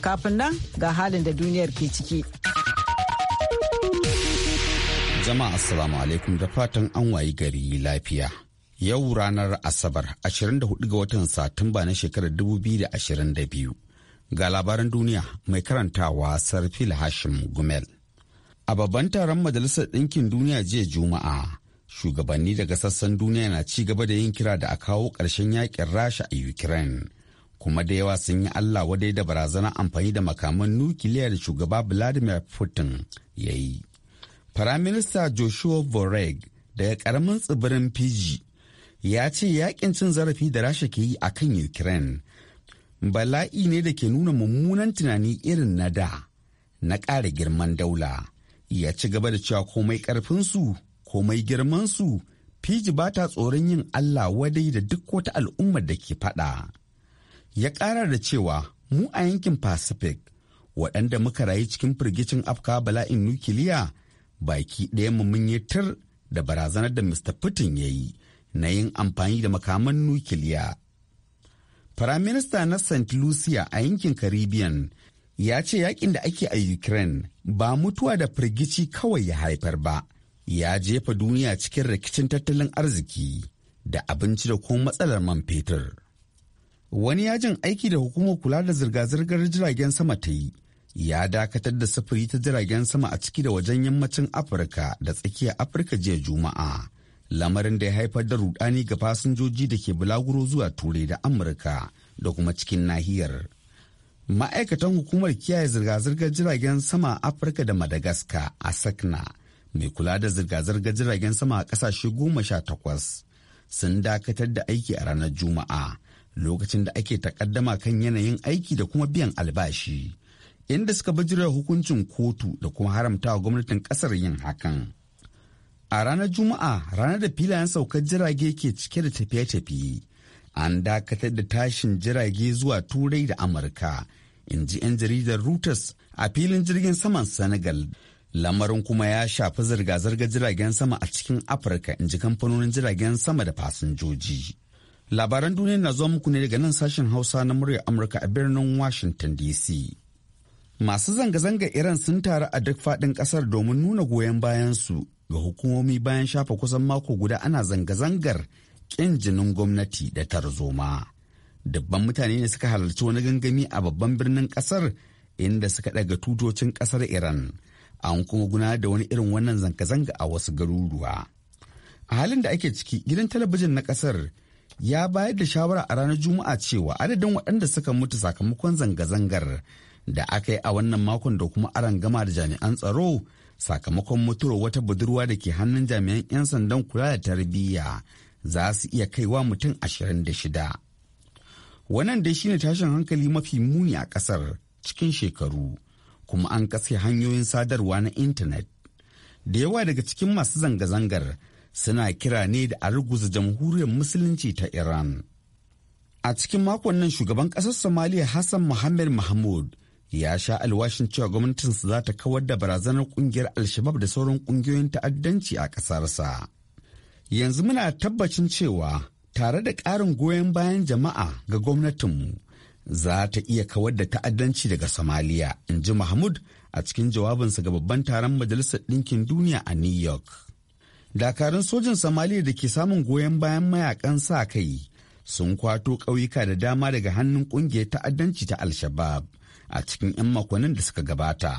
Kafin nan ga halin da duniyar ke ciki. Jama'a Assalamu alaikum da fatan an wayi gari lafiya. Yau ranar Asabar 24 ga watan Satumba na shekarar 2022. Ga labaran duniya mai karantawa Sarfil Hashim Gumel. A babban taron Majalisar Ɗinkin Duniya jiya Juma'a, shugabanni daga sassan duniya na ci gaba da yin kira da a kawo ƙarshen yakin rasha a ukraine kuma da yawa sun yi Allah wadai da barazanar amfani da makaman nukiliya da shugaba Vladimir Putin ya yi. Firaminista Joshua Voreg daga karamin tsibirin Fiji ya ce yakin cin zarafi da Rasha ke yi a kan Ukraine bala'i ne da ke nuna mummunan tunani irin na da na ƙara girman daula. Ya ci gaba da cewa komai ƙarfinsu, komai girmansu, Fiji ba ta tsoron yin Allah wadai da duk wata al'ummar da ke faɗa. ya ƙara da cewa mu a yankin pacific waɗanda muka rayu cikin firgicin afka bala'in nukiliya baki ɗaya mu mun yi da barazanar da mr putin ya yi na yin amfani da makaman nukiliya firaminista na st lucia a yankin caribbean ya ce yakin da ake a ukraine ba mutuwa da firgici kawai ya haifar ba ya jefa duniya cikin rikicin tattalin arziki da abinci da kuma matsalar man fetur. wani yajin aiki da hukumar kula da zirga-zirgar jiragen sama ta yi ya dakatar da sufuri ta jiragen sama a ciki da wajen yammacin afirka da tsakiyar afirka jiya juma'a lamarin da ya haifar da rudani ga fasinjoji da ke bulaguro zuwa turai da amurka da kuma cikin nahiyar ma'aikatan hukumar kiyaye zirga-zirgar jiragen sama a afirka da madagascar a sakna e mai kula da zirga-zirgar jiragen sama a kasashe goma sha takwas sun dakatar da aiki a ranar juma'a lokacin da ake takaddama kan yanayin aiki da kuma biyan albashi inda suka bajira hukuncin kotu da kuma haramta gwamnatin kasar yin hakan a ranar juma'a ranar da filayen saukar jirage ke cike da tafiye-tafiye an dakatar da tashin jirage zuwa turai da amurka in ji 'yan jaridar reuters a filin jirgin saman senegal lamarin kuma ya shafi zirga-zirgar jiragen sama a cikin afirka in ji kamfanonin jiragen sama da fasinjoji Labaran duniya na zuwa muku ne daga nan sashen Hausa na muryar Amurka a birnin Washington DC. Masu zanga-zanga Iran sun taru a duk faɗin ƙasar domin nuna goyon bayansu ga hukumomi bayan shafa kusan mako guda ana zanga-zangar ƙin jinin gwamnati da tarzoma. Dubban mutane ne suka halarci wani gangami a babban birnin ƙasar inda suka ɗaga tutocin kasar Iran. An kuma guna da wani irin wannan zanga-zanga a wasu garuruwa. A halin da ake ciki, gidan talabijin na ƙasar ya bayar da shawara a ranar juma'a cewa adadin waɗanda suka mutu sakamakon zanga-zangar da aka yi a wannan makon da kuma aran gama da jami'an tsaro sakamakon mutuwar wata budurwa da ke hannun jami'an 'yan sandan kula da tarbiyya za su iya kaiwa mutum ashirin da shida. wannan dai shine tashin hankali mafi muni a ƙasar cikin shekaru kuma an katse hanyoyin sadarwa na intanet da yawa daga cikin masu zanga-zangar suna kira ne da a ruguza jamhuriyar musulunci ta Iran. A cikin makon nan shugaban ƙasar Somaliya Hassan Mohamed Mahmud ya sha alwashin cewa gwamnatinsa za ta kawar da barazanar ƙungiyar Alshabab da sauran ƙungiyoyin ta'addanci a ƙasarsa. Yanzu muna tabbacin cewa tare da ƙarin goyon bayan jama'a ga gwamnatinmu za ta iya kawar da ta'addanci daga Somaliya, in ji Mahmud a cikin jawabinsa ga babban taron Majalisar Ɗinkin Duniya a New York. dakarun sojin somaliya da ke samun goyon bayan mayakan sa kai sun kwato ƙauyuka da dama daga hannun ƙungiyar ta'addanci ta al a cikin 'yan makonnin da suka gabata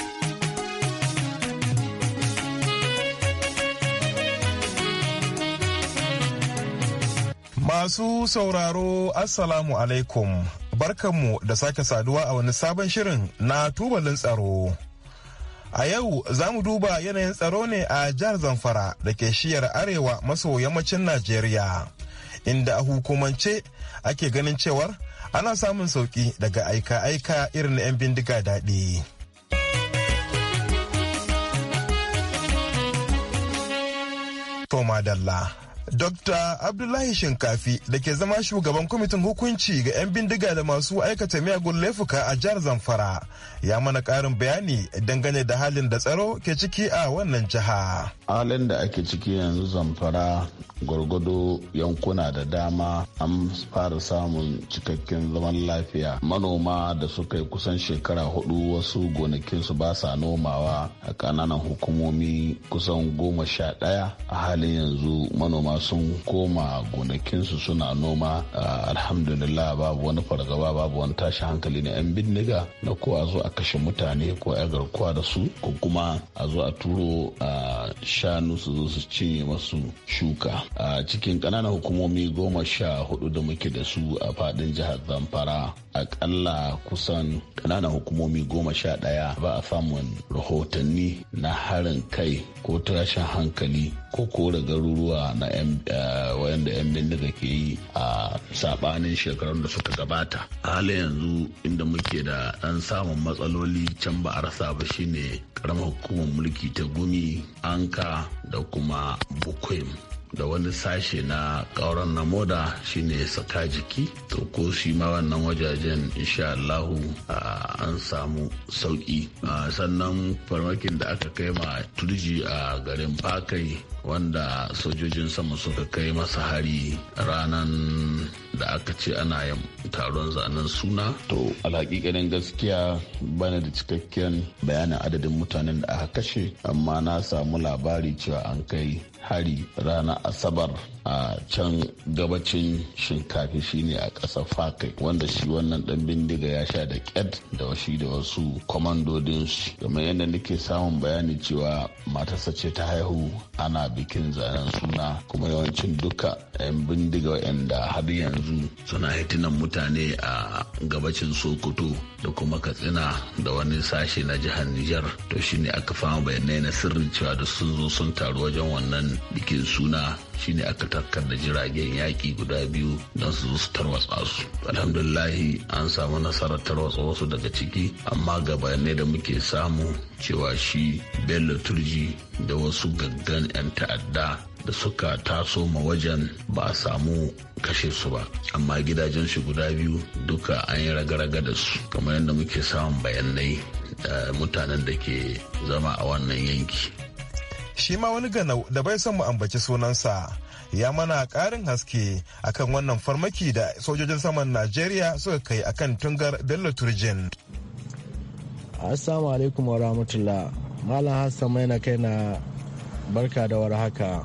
Masu sauraro Assalamu alaikum barkanmu da sake saduwa a wani sabon shirin na tubalin tsaro. A yau za mu duba yanayin tsaro ne a jihar Zamfara da ke shiyar arewa maso yammacin Najeriya, inda a hukumance ake ganin cewar ana samun sauki daga aika-aika irin 'yan bindiga daɗi. Toma Dalla. Dr. Abdullahi Shinkafi da ke zama shugaban kwamitin hukunci ga 'yan bindiga da masu aikata miyagun laifuka a jihar Zamfara ya mana ƙarin bayani dangane da halin da tsaro ke ciki a wannan jiha. Halin da ake ciki yanzu Zamfara gwargwado yankuna da dama an fara samun cikakken zaman lafiya manoma da suka yi kusan shekara hudu wasu gonakinsu ba sa nomawa a kananan hukumomi kusan goma sha ɗaya a halin yanzu manoma manoma sun koma gonakinsu suna noma alhamdulillah babu wani fargaba babu wani tashi hankali ne 'yan bindiga na ko a zo a kashe mutane ko a garkuwa da su ko kuma a zo a turo shanu su zo su cinye masu shuka a cikin ƙananan hukumomi goma sha hudu da muke da su a faɗin jihar zamfara akalla kusan ƙananan hukumomi goma sha ɗaya ba a samun rahotanni na harin kai ko tashin hankali ko da garuruwa na eh, wayanda 'yan bindiga ke yi a sabanin shekarun da suka gabata halin yanzu inda muke da ɗan samun matsaloli can ba a rasa ba shine karamar hukumar mulki ta gumi anka da kuma bukwem da wani sashe na ƙauran na moda shine saka jiki to ko shi ma wannan wajajen insha Allahu an samu sauki sannan farmakin da aka kai ma turji a garin fakai wanda sojojin sama suka kai masa hari ranan da aka ce ana yin taron zanen suna to alhakikanin gaskiya bana da cikakken bayanin adadin mutanen da aka kashe amma na samu labari cewa an kai hari ranar asabar a can gabacin shinkafi shine a ƙasar fakai wanda shi wannan ɗan bindiga ya sha da ƙyad da washi da wasu kwamandodinsu shi kamar yadda nake samun bayani cewa matarsa ce ta haihu ana bikin zanen suna kuma yawancin duka 'yan bindiga wayanda har yanzu suna hitinan mutane a gabacin sokoto da kuma katsina da wani sashe na jihar nijar to shine aka fama bayanai na sirrin cewa da sun zo sun taru wajen wannan bikin suna shine aka tarkar da jiragen yaƙi guda biyu don su zo su tarwatsa su alhamdulillahi an samu nasarar tarwatsa wasu daga ciki amma ga bayanai da muke samu cewa shi bello turji da wasu gaggan 'yan ta'adda da suka taso ma wajen ba a samu kashe su ba amma gidajen shi guda biyu duka an yi raga-raga da su kamar yadda muke samun bayanai da mutanen da ke zama a wannan yanki shi ma wani ganau da bai son mu ambaci sunansa ya mana karin haske akan wannan farmaki da sojojin saman najeriya suka kai akan tungar bello turjin assalamu alaikum wa rahmatullah malam hassan mai na kai na barka da war haka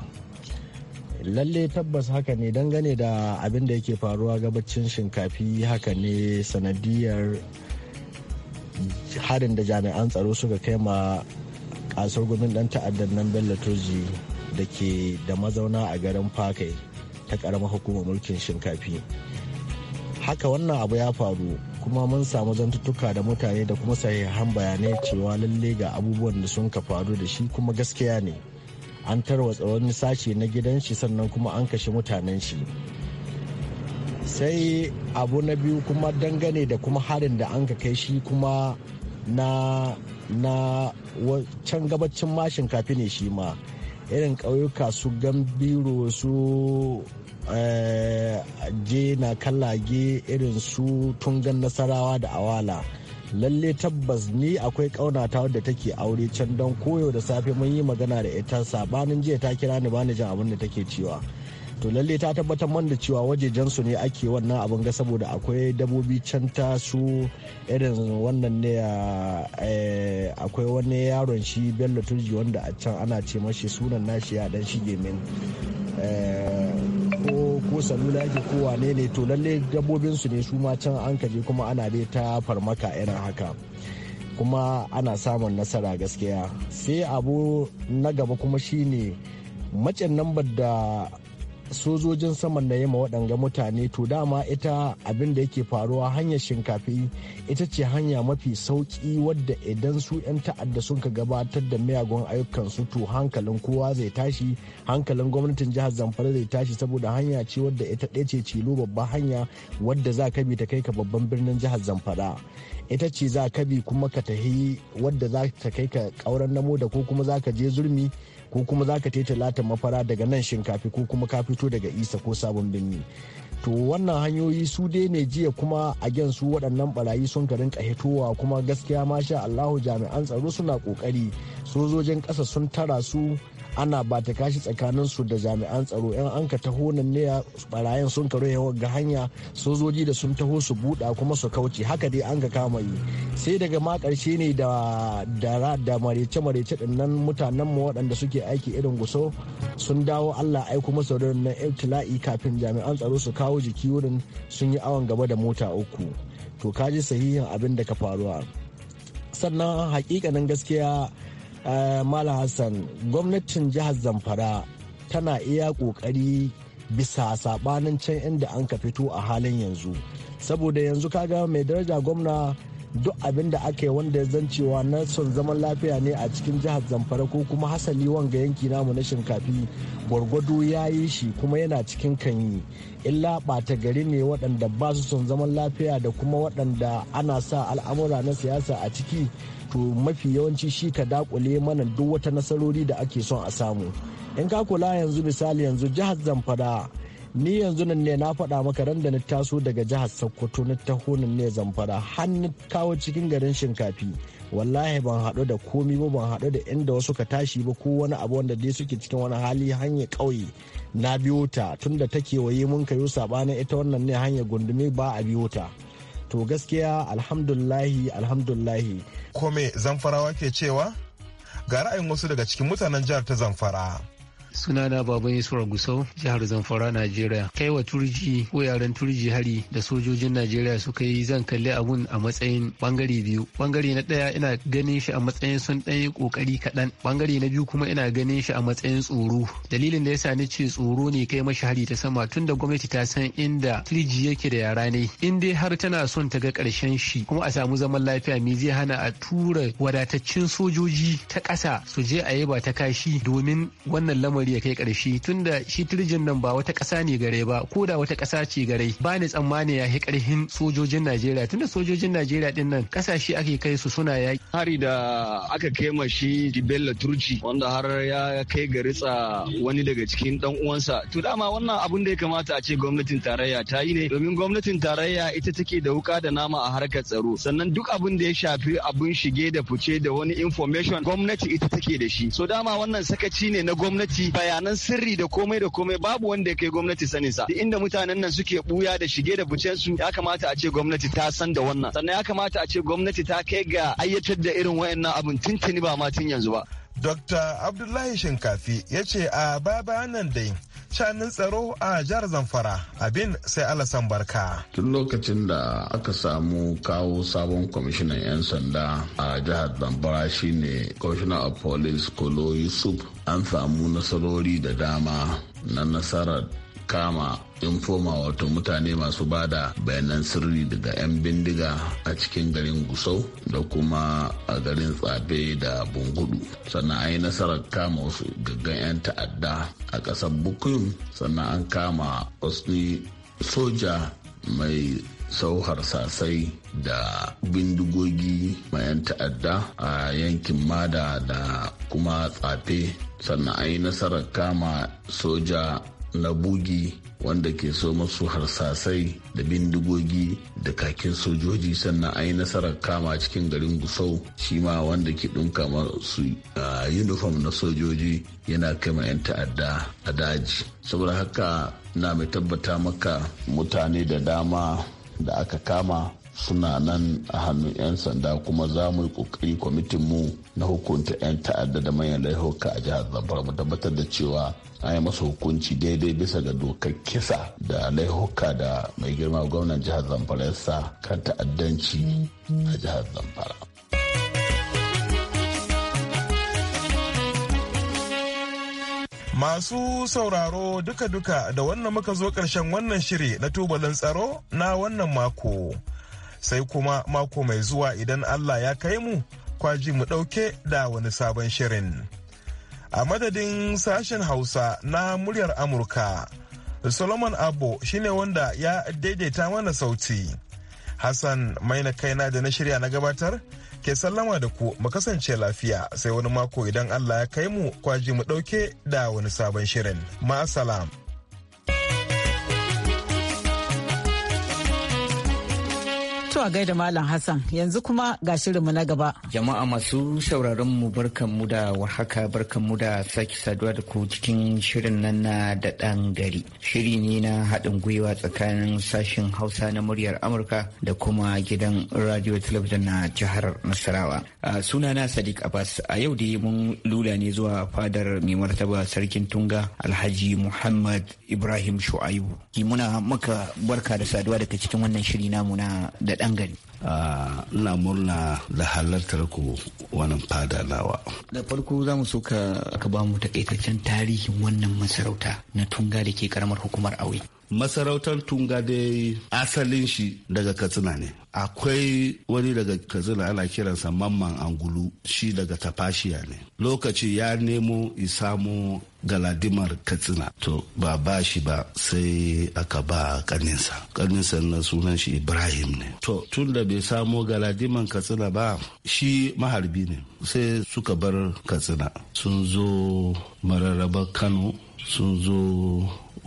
lalle tabbas haka ne dangane da abin da yake faruwa gabacin shinkafi haka ne sanadiyar harin da jami'an tsaro suka kai ma kasar gudun dan ta'addar nan bello turji da ke da mazauna a garin fakai ta karamar hukumar mulkin shinkafi haka wannan abu ya faru kuma mun samu zantuttuka da mutane da kuma sahihan bayanai cewa lalle ga abubuwan da sun ka faru da shi kuma gaskiya ne an tarwatsa wani sashe na gidan shi sannan kuma an kashe mutanen shi sai abu na biyu kuma dangane da kuma harin da an ka kai shi kuma na na can gabacin mashin kafi ne shi ma irin ƙauyuka su gambiro su eh, je na kallage irin su tungan nasarawa da awala lalle tabbas ni akwai ƙaunata wadda take aure can don koyo da safe mun yi magana da ita sabanin jiya ta kira ni bani jin abin da take cewa to lalle ta tabbatar man da cewa wajejen su ne ake wannan abin ga saboda akwai dabobi can ta su irin wannan ne eh, akwai wani yaron shi bello turji wanda a can ana ce mashi sunan nashi ya dan shige min eh, ko salula yake ko wane ne to lalle dabbobin su ne su ma can an kaje kuma ana dai ta farmaka irin haka kuma ana samun nasara gaskiya sai abu na gaba kuma shine macen lambar da sojojin saman na yi waɗanga mutane to dama ita abin da yake faruwa hanyar shinkafi ita ce hanya mafi sauki wadda idan su 'yan ta'adda sun ka gabatar da miyagun ayyukansu to hankalin kowa zai tashi hankalin gwamnatin jihar zamfara zai tashi saboda hanya ce wadda ita ɗaya ce cilo babban hanya wadda za ka bi ta kai ka babban birnin jihar zamfara ita ce za ka bi kuma ka tahi wadda za ta kai ka ƙauren namo da ko kuma za ka je zurmi ko kuma za ka tete lata mafara daga nan shinkafi ko kuma ka fito daga isa ko sabon birni to wannan hanyoyi su dai ne jiya kuma a gen su waɗannan barayi sun ka rinka hitowa kuma gaskiya masha allahu jami'an tsaro suna ƙoƙari sojojin ƙasa sun tara su ana ba ta kashi tsakanin su da jami'an tsaro yan an ka taho nan ne barayin sun karo yawa ga hanya sojoji da sun taho su buɗa kuma su kauce haka dai an ka kama yi sai daga ma ƙarshe ne da da da marece marece din nan mutanen mu waɗanda suke aiki irin guso sun dawo Allah ai kuma su na ibtila'i kafin jami'an tsaro su kawo jiki wurin sun yi awon gaba da mota uku to kaji sahihin abin da ka faruwa sannan hakikanin gaskiya Eh, Malam Hassan gwamnatin jihar Zamfara tana iya ƙoƙari bisa saɓanin can inda an ka fito a halin yanzu. Saboda yanzu kaga mai daraja gwamna duk abin da aka yi wanda zan cewa na son zaman lafiya ne a cikin jihar zamfara ko kuma hasali wanga yanki namu na shinkafi gwargwado ya yi shi kuma yana cikin kanyi illa ɓata gari ne waɗanda ba su son zaman lafiya da kuma waɗanda ana sa al'amura na siyasa a ciki to mafi yawanci shi ka dakule mana duk wata nasarori da ake son a samu in ka kula yanzu misali yanzu jihar zamfara ni yanzu nan ne na faɗa maka ran da na taso daga jihar sokoto na taho nan ne zamfara har na kawo cikin garin shinkafi wallahi ban haɗu da komi ba ban haɗu da inda wasu ka tashi ba ko wani abu wanda dai suke cikin wani hali hanya ƙauye na biyo ta tunda ta kewaye mun kayo sabanin ita wannan ne hanya gundume ba a biyo ta to gaskiya alhamdulahi alhamdulahi kome zamfarawa ke cewa ga ra'ayin wasu daga cikin mutanen jihar ta zamfara sunana baban yusuf gusau jihar zamfara najeriya kai wa turji ko yaren turji hari da sojojin najeriya suka yi zan kalli abun a matsayin bangare biyu bangare na ɗaya ina ganin shi a matsayin sun ɗan yi kokari kaɗan bangare na biyu kuma ina ganin shi a matsayin tsoro dalilin da yasa ni ce tsoro ne kai mashi hari ta sama tunda gwamnati ta san inda turji yake da yara ne in dai har tana son ta ga karshen shi kuma a samu zaman lafiya me zai hana a tura wadataccen sojoji ta ƙasa su je a yi ba ta kashi domin wannan lamari al'amari ya kai karshe tunda shi turjin nan ba wata kasa ne gare ba ko da wata kasa ce gare ba ni tsammani ya yi ƙarfin sojojin Najeriya tunda sojojin Najeriya din nan kasashe ake kai su suna ya. Hari da aka kai ma shi Bello Turji wanda har ya kai garitsa wani daga cikin dan uwansa to dama wannan abun da ya kamata a ce gwamnatin tarayya ta yi ne domin gwamnatin tarayya ita take da wuka da nama a harkar tsaro sannan duk abin da ya shafi abun shige da fice da wani information gwamnati ita take da shi so dama wannan sakaci ne na gwamnati bayanan sirri da komai da komai babu wanda ya kai gwamnati sanin sa inda mutanen nan suke buya da shige da fice su ya kamata a ce gwamnati ta san da wannan sannan ya kamata a ce gwamnati ta kai ga ayyatar da irin wayannan abin tuntuni ba ma tun yanzu ba Dr. Abdullahi Shinkafi ya ce a baba nan dai canin tsaro a jihar zamfara abin sai alasan barka tun lokacin da aka samu kawo sabon kwamishinan 'yan sanda a jihar zamfara shine kwamishinan of police kolo yusuf an samu nasarori da dama na nasarar kama infoma wato mutane masu bada bayanan sirri daga 'yan bindiga a cikin garin gusau da kuma a garin tsabe da bungudu sannan an yi nasarar kama wasu gaggan 'yan ta'adda a ƙasar bukun sannan an kama wasu soja mai sauhar sasai da bindigogi 'yan ta'adda a yankin mada da kuma tsafe sannan an yi nasarar kama soja na bugi wanda ke so masu harsasai da bindigogi da kakin sojoji sannan a yi nasarar kama cikin garin gusau shi ma wanda ke ɗunka masu uniform na sojoji yana kai ma 'yan ta'adda a daji saboda haka na mai tabbata maka mutane da dama da aka kama suna nan a hannun 'yan sanda kuma za mu yi kokari kwamitin mu na hukunta 'yan ta'adda da manyan laifuka a jihar zamfara mu tabbatar da cewa an yi masa hukunci daidai bisa ga dokar kisa da laihuka da mai girma gwamnan jihar zamfara ya sa kan ta'addanci a jihar zamfara Masu sauraro duka-duka da wannan muka zo ƙarshen wannan shiri na tubalin tsaro na wannan mako. sai kuma mako mai zuwa idan Allah ya kai mu kwaji mu ɗauke da wani sabon shirin. A madadin sashen Hausa na muryar Amurka, Solomon Abbo shine wanda ya daidaita mana sauti. Hassan maina kaina da na shirya na gabatar ke sallama da ku mu kasance lafiya sai wani mako idan Allah ya kai mu kwaji mu ɗauke da wani sabon shirin. Ma'asalam. To a gaida Malam Hassan yanzu kuma ga shirinmu na gaba. Jama'a masu sauraron mu mu da warhaka mu da sake saduwa da ku cikin shirin nan na da ɗan gari. Shiri ne na haɗin gwiwa tsakanin sashen Hausa na muryar Amurka da kuma gidan radio talabijin na jihar Nasarawa. Sunana Sadiq Abbas a yau da mun lula ne zuwa fadar mai martaba sarkin Tunga Alhaji Muhammad Ibrahim Shu'aibu. Muna maka barka da saduwa daga cikin wannan shiri namu na da I'm good. Ah, ina murna da halartar ku wannan fada nawa. Da farko za mu so ka ba mu takaitaccen tarihin wannan masarauta na tunga da ke karamar hukumar aure. Masarautar tunga dai asalin shi daga Katsina ne. Akwai wani daga Katsina ana kiransa Mamman Angulu shi daga Tafashiya ne. Lokaci ya nemo isamu galadimar katsina to ba ba shi ba sai aka ba kaninsa kaninsa na sunan shi ibrahim ne to tun da bai samo galadiman katsina ba shi maharbi ne sai suka bar katsina sun zo mararraba kano sun zo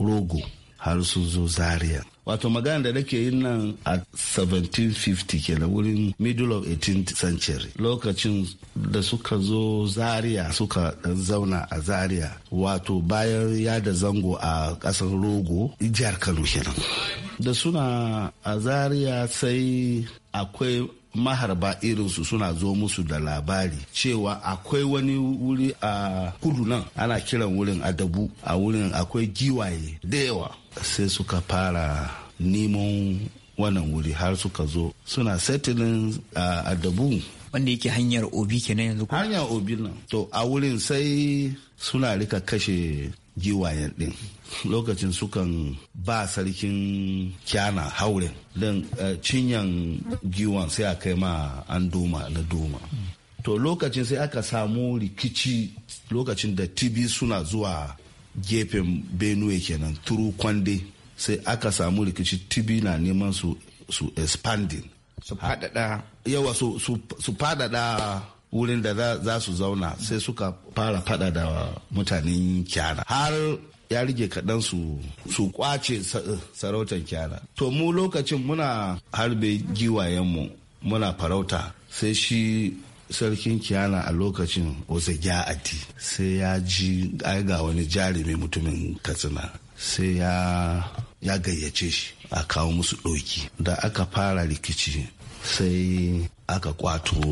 rogo har su zo zaria wato magana da nake yin nan a 1750 na wurin middle of 18th century lokacin da suka zo zaria suka zauna a zaria wato bayan yada zango a kasar rogo jihar kano kenan da suna a zaria sai akwai maharba irinsu suna zo musu da labari cewa akwai wani wuri a kudu nan ana kiran wurin adabu a wurin akwai giwaye da yawa sai suka fara neman wannan wuri har suka zo suna settling a adabu wanda yake hanyar obi kenan yanzu hanyar obi nan to a wurin sai suna rika kashe giwayen din lokacin sukan ba sarkin kyana hauren don eh, cinyan giwan sai a kai ma an doma na doma to lokacin sai aka samu rikici lokacin da tibi suna zuwa gefen benue kenan turu kwande sai aka samu rikici tibi na neman su su expanding su faɗaɗa. yawa su fadada wurin da za su zauna sai suka fara fada da mutanen kyara har ya rige kaɗan su su kwace sarautar kyana. to mu lokacin muna harbe giwayenmu muna farauta sai shi sarkin kyana a lokacin wasu gya'adi sai ya ji ga wani jarumi mutumin katsina sai ya ya gayyace shi a kawo musu ɗoki da aka fara rikici sai aka kwato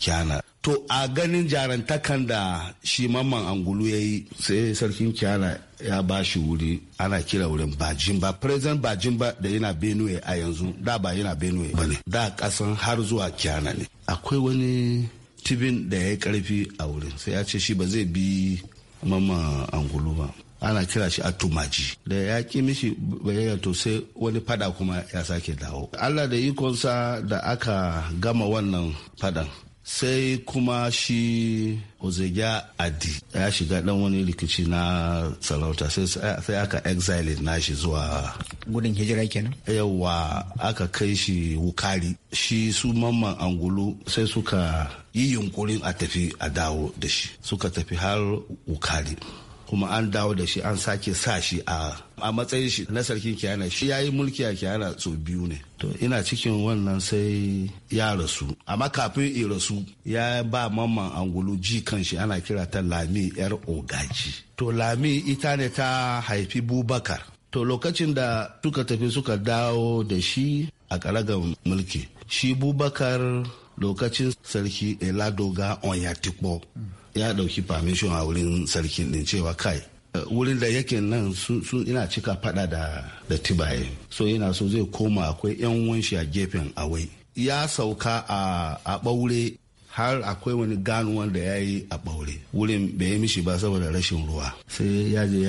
kyana to a ganin jarantakan da shi mamman angulu ya yi sai sarkin kyana ya ba shi wuri ana kira wurin bajin ba president bajin ba da yana benue a yanzu da ba yana benue ba ne da kasan har zuwa kyana ne akwai wani tibin da ya yi karfi a wurin sai ya ce shi ba zai bi mamman angulu ba ana kira shi a tumaji da ya ki mishi bayyana to sai wani fada kuma ya sake dawo allah da ikonsa da aka gama wannan fadan sai kuma shi ozegya adi ya shiga dan wani rikici na sarauta sai aka exile na shi zuwa gudun hijira kenan yawa aka kai shi wukari shi su mamman angulu sai suka yi yunkurin a tafi a dawo da shi suka tafi har wukari kuma an dawo da shi an sake sa shi a a matsayin shi na sarkin kiyana shi ya yi mulki a kiyana so biyu ne to ina cikin wannan sai ya rasu amma kafin ya rasu ya ba mamman angulu ji kan shi ana kira ta lami yar ogaji to lami ita ne ta haifi bubakar to lokacin da suka tafi suka dawo da shi a karagar mulki shi bubakar lokacin sarki eladoga onyatikpo mm. ya ɗauki permission a wurin sarkin ɗin cewa kai eh, wurin da yake nan su ina cika fada da da tibaye so yana so zai koma akwai yan wanshi a gefen awai ya sauka a a ɓaure har akwai wani gano wanda ya yi a ɓaure wurin bai yi mishi ba saboda rashin ruwa sai ya je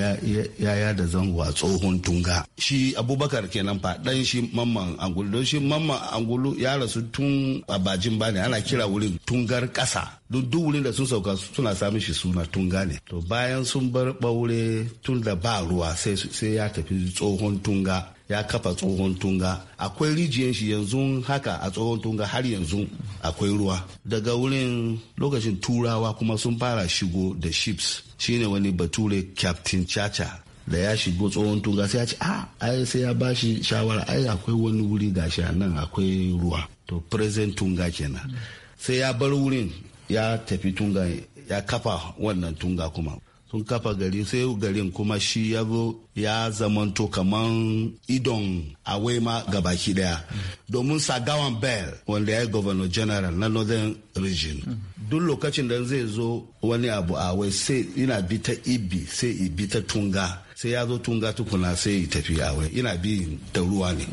ya ya da zango a tsohon tunga shi abubakar kenan fa dan shi mamman angulu don shi mamman angulu ya rasu tun a bajin bane ana kira wurin tungar ƙasa duk duk wurin da sun sauka suna samun shi suna tunga ne to bayan sun bar ɓaure tun da ba ruwa sai ya tafi tsohon tunga ya kafa tsohon tunga akwai rijiyan shi yanzu haka a tsohon tunga har yanzu akwai ruwa daga wurin lokacin turawa kuma sun fara shigo da ships shine wani bature captain chacha da ya shigo tsohon tunga sai ya ce a ah, sai ya bashi shawara ai akwai wani wuri gashi a nan akwai ruwa to present tunga kenan sai ya bar wurin ya tafi tunga ya kafa wannan tunga kuma sun kafa gari sai garin kuma shi ya zo ya zamanto kaman idon awai ma baki daya domin sagawan bell wanda ya yi governor general na northern region duk lokacin da zai zo wani abu awai sai ina bi ta ibi sai ibi ta tunga sai ya zo tunga tukuna sai tafi awai ina bi da ruwa ne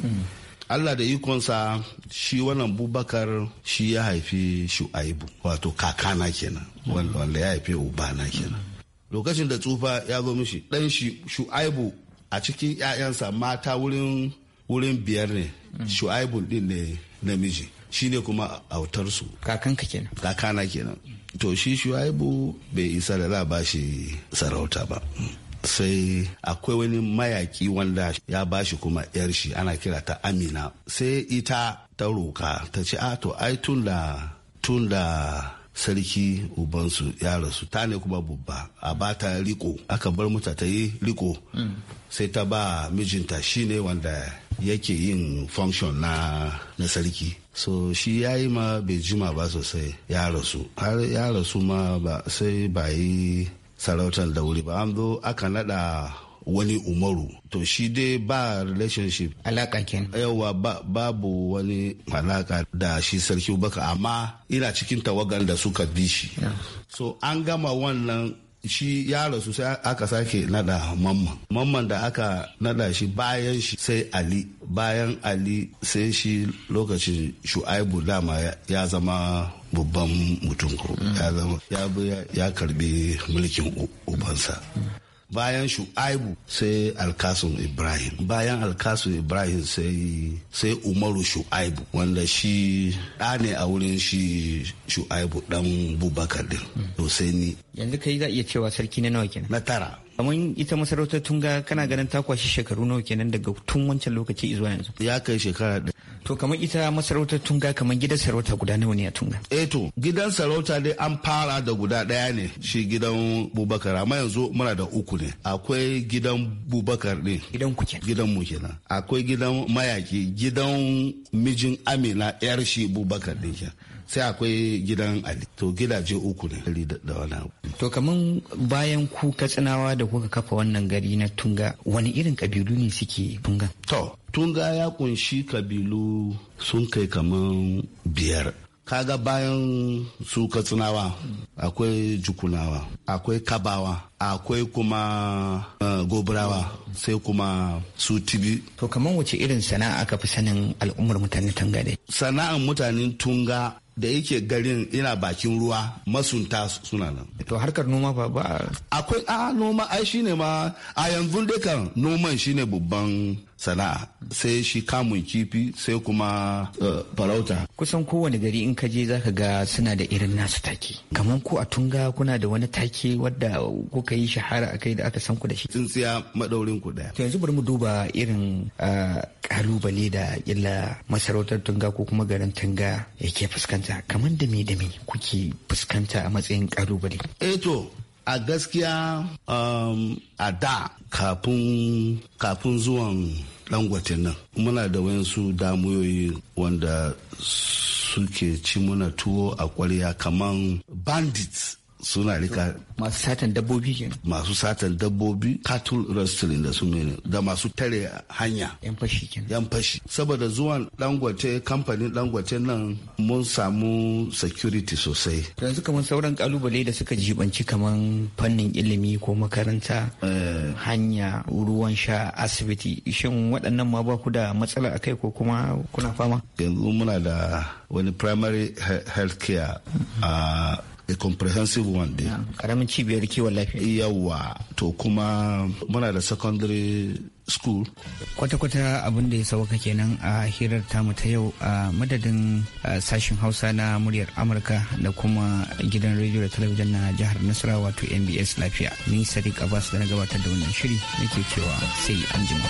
Allah da ikonsa shi wannan bubakar shi ya haifi shu'aibu wato kakana kenan wanda ya haifi na kenan lokacin da tsufa ya zo mishi ɗan shi shu'aibu a cikin 'ya'yansa mata wurin wurin biyar ne shu'aibu din ne namiji shi ne kuma autarsu kakanka kenan kakana kenan to shi shu'aibu bai isa da za ba shi sarauta ba sai akwai wani mayaki wanda ya ba shi kuma yar shi ana kira ta amina sai ita ta roka ta ce a to ai tun da tun da sarki ubansu ya rasu ta ne kuma babba a ba ta riko aka bar mata ta yi riko hmm. sai ta ba mijinta shine wanda yake yin function na, na sarki so shi ya yi ma bai jima ba sosai ya rasu har ya rasu ma sai ba yi sarautar da wuri ba an zo aka nada wani umaru to shi dai ba relationship alaka ken yawa babu wani alaka da shi sarki baka amma ina cikin tawagan da suka bi shi so an gama wannan shi ya rasu sai aka sake nada mamman mamman da aka nada shi bayan shi sai ali bayan ali sai shi lokacin shu'aibu dama ya zama babban mutum ya zama ya karbi mulkin ubansa bayan shu'aibu sai alkasun ibrahim bayan alkasun ibrahim sai umaru shu'aibu wanda shi ɗa ne a wurin shi shu'aibu ɗan bubakar din to sai ni yanzu kai za iya cewa sarki na nawa kenan na tara amma ita masarautar tunga kana ganin ta kwashi shekaru nawa kenan daga tun wancan lokaci zuwa yanzu ya kai shekara ɗaya. to kamar ita masarautar tunga kamar gidan sarauta guda nawa ne a tunga eh to gidan sarauta dai an fara da guda daya ne shi gidan bubakar amma yanzu muna da uku ne akwai gidan bubakar ne gidan ku kenan gidan mu kenan akwai gidan mayaki gidan mijin amina yar shi bubakar din kenan sai akwai gidan ali to gidaje uku ne da wani abu to kaman bayan ku katsinawa da kuka kafa wannan gari na tunga wani irin kabilu ne suke tunga to tunga ya kunshi kabilu sun kai kaman biyar kaga bayan su katsinawa akwai jukunawa akwai kabawa akwai kuma uh, eh, gobarawa sai kuma su tibi to kamar wace irin sana'a aka fi sanin al'ummar mutanen tunga dai sana'ar mutanen tunga da yake garin yana bakin ruwa masunta suna nan. To harkar noma ba ba. Akwai a noma ai shine ma a yanzu dukan noman shine babban sana'a sai shi kamun kifi sai kuma uh, farauta. Kusan kowane gari in ka je zaka ga suna da irin nasu take. Kamar ko a tunga kuna da wani take wadda kuka yi shahara a kai da aka san ku da shi. Tsintsiya madaurin ku daya. To yanzu bari mu duba irin kalubale uh, da illa masarautar tunga ko kuma garin tunga yake fuskanta. Kamar da me da me kuke fuskanta a matsayin kalubale. Eh to a gaskiya um, a da kafin zuwan dangwatin nan muna da wayansu damuyoyi wanda suke ci muna tuwo a kwarya kaman bandits suna rika masu satan dabbobi kenan masu satan dabbobi cattle rustling da su mene da masu tare hanya yan fashi kenan yan fashi saboda zuwan dangote kamfanin dangote nan mun samu security sosai yanzu kamar sauran kalubale da suka jibanci kamar fannin ilimi ko makaranta eh. hanya ruwan sha asibiti shin waɗannan ma ba ku da matsala akai ko kuma kuna fama yanzu muna da wani primary health care mm-hmm. a a comprehensive one dai karamin cibiyar kiwon lafiya yawwa to kuma muna da secondary school kwata-kwata abin da ya sauka kenan a hirar tamu ta yau a madadin sashen hausa na muryar amurka da kuma gidan rediyo da talabijin na jihar nasarawa wato mbs lafiya ni sadiq abbas da na gabatar da wannan shiri nake cewa sai an jima.